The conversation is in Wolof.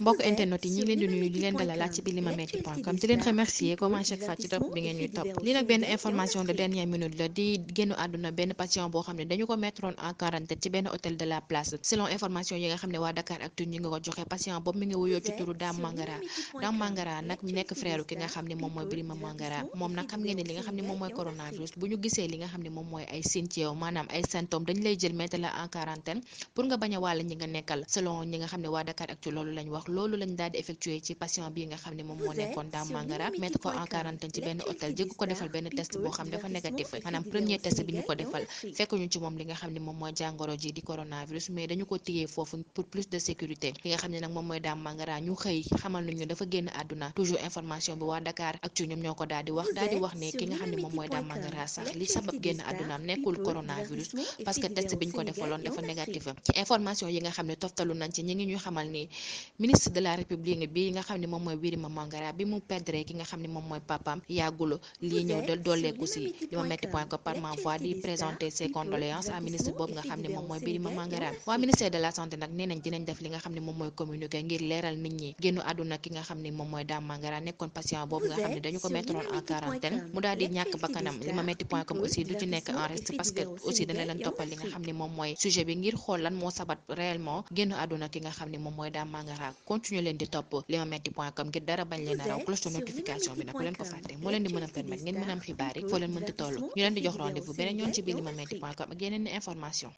mbokk internet yi ñi ngi leen di nuyu di leen dalal ya ci point comme di leen remercier comme à chaque fois ci top bi ngeen ñuy top lii nag benn information de dernière minute la di génnu àdduna benn patient boo xam ne dañu ko mettre en quarantaine ci benn hôtel de la place selon information yi nga xam ne waa Dakar Actu ñi nga ko joxe patient boobu mi ngi wuyoo ci turu Dame Mangara Dame Mangara nak nekk frère ki nga xam ne moom mooy Birima Mangara moom nak xam ngeen ne li nga xam ne moom mooy coronavirus bu ñu gisee li nga xam ne moom mooy ay signe ci yow maanaam ay symptômes dañ lay jël mettre la en quarantaine pour nga bañ a wàll ñi nga nekkal selon ñi nga xam ne waa Dakar Actu loolu lañ wax wax loolu lañ daal di effectué ci patient bi nga xam ne moom moo nekkoon daam mangara mettre ko en quarantaine ci benn hôtel jëg ko defal benn test boo xam dafa négatif maanaam premier test bi ñu ko defal fekk ñu ci moom li nga xam ne moom mooy jàngoro ji di coronavirus mais dañu ko téyee foofu pour plus de sécurité li nga xam ne nag moom mooy daam mangara ñu xëy xamal nañu dafa génn àdduna toujours information bi waa Dakar ak ci ñoom ñoo ko daal di wax daal di wax ne ki nga xam ne moom mooy daam mangara sax li sabab génn àdduna nekkul coronavirus parce que test ñu ko defaloon dafa négatif ci information yi nga xam ne toftalu nañ ci ñi ngi ñu xamal ni ministre de bi nga xam ne moom mooy Wili Mangara bi mu perdre ki nga xam ne moom mooy papaam yàggul lii ñëw dooleeku si li ma métti point par ma voix di nga xam moom mooy Wili Mangara waa ministère de la nee nañ dinañ def li nga xam ne moom mooy communiqué ngir leeral nit ñi génnu àdduna ki nga xam ne moom mooy Dame nekkoon patient boobu nga xam ne dañu ko mettre en quarantaine mu daal di nekk en reste parce que aussi dana leen toppal li nga xam ne moom mooy sujet bi ngir xool lan moo sabat réellement ki nga xam ne moom mooy Dame continuer leen di topp limametti point com ngir dara bañ leen a raw notification bi nag bu leen ko fàtte moo leen di mën a ngeen mën xibaar yi foo leen mënti toll ñu leen di jox rendez-vous beneen yoon ci biir limametti point com ak yeneen information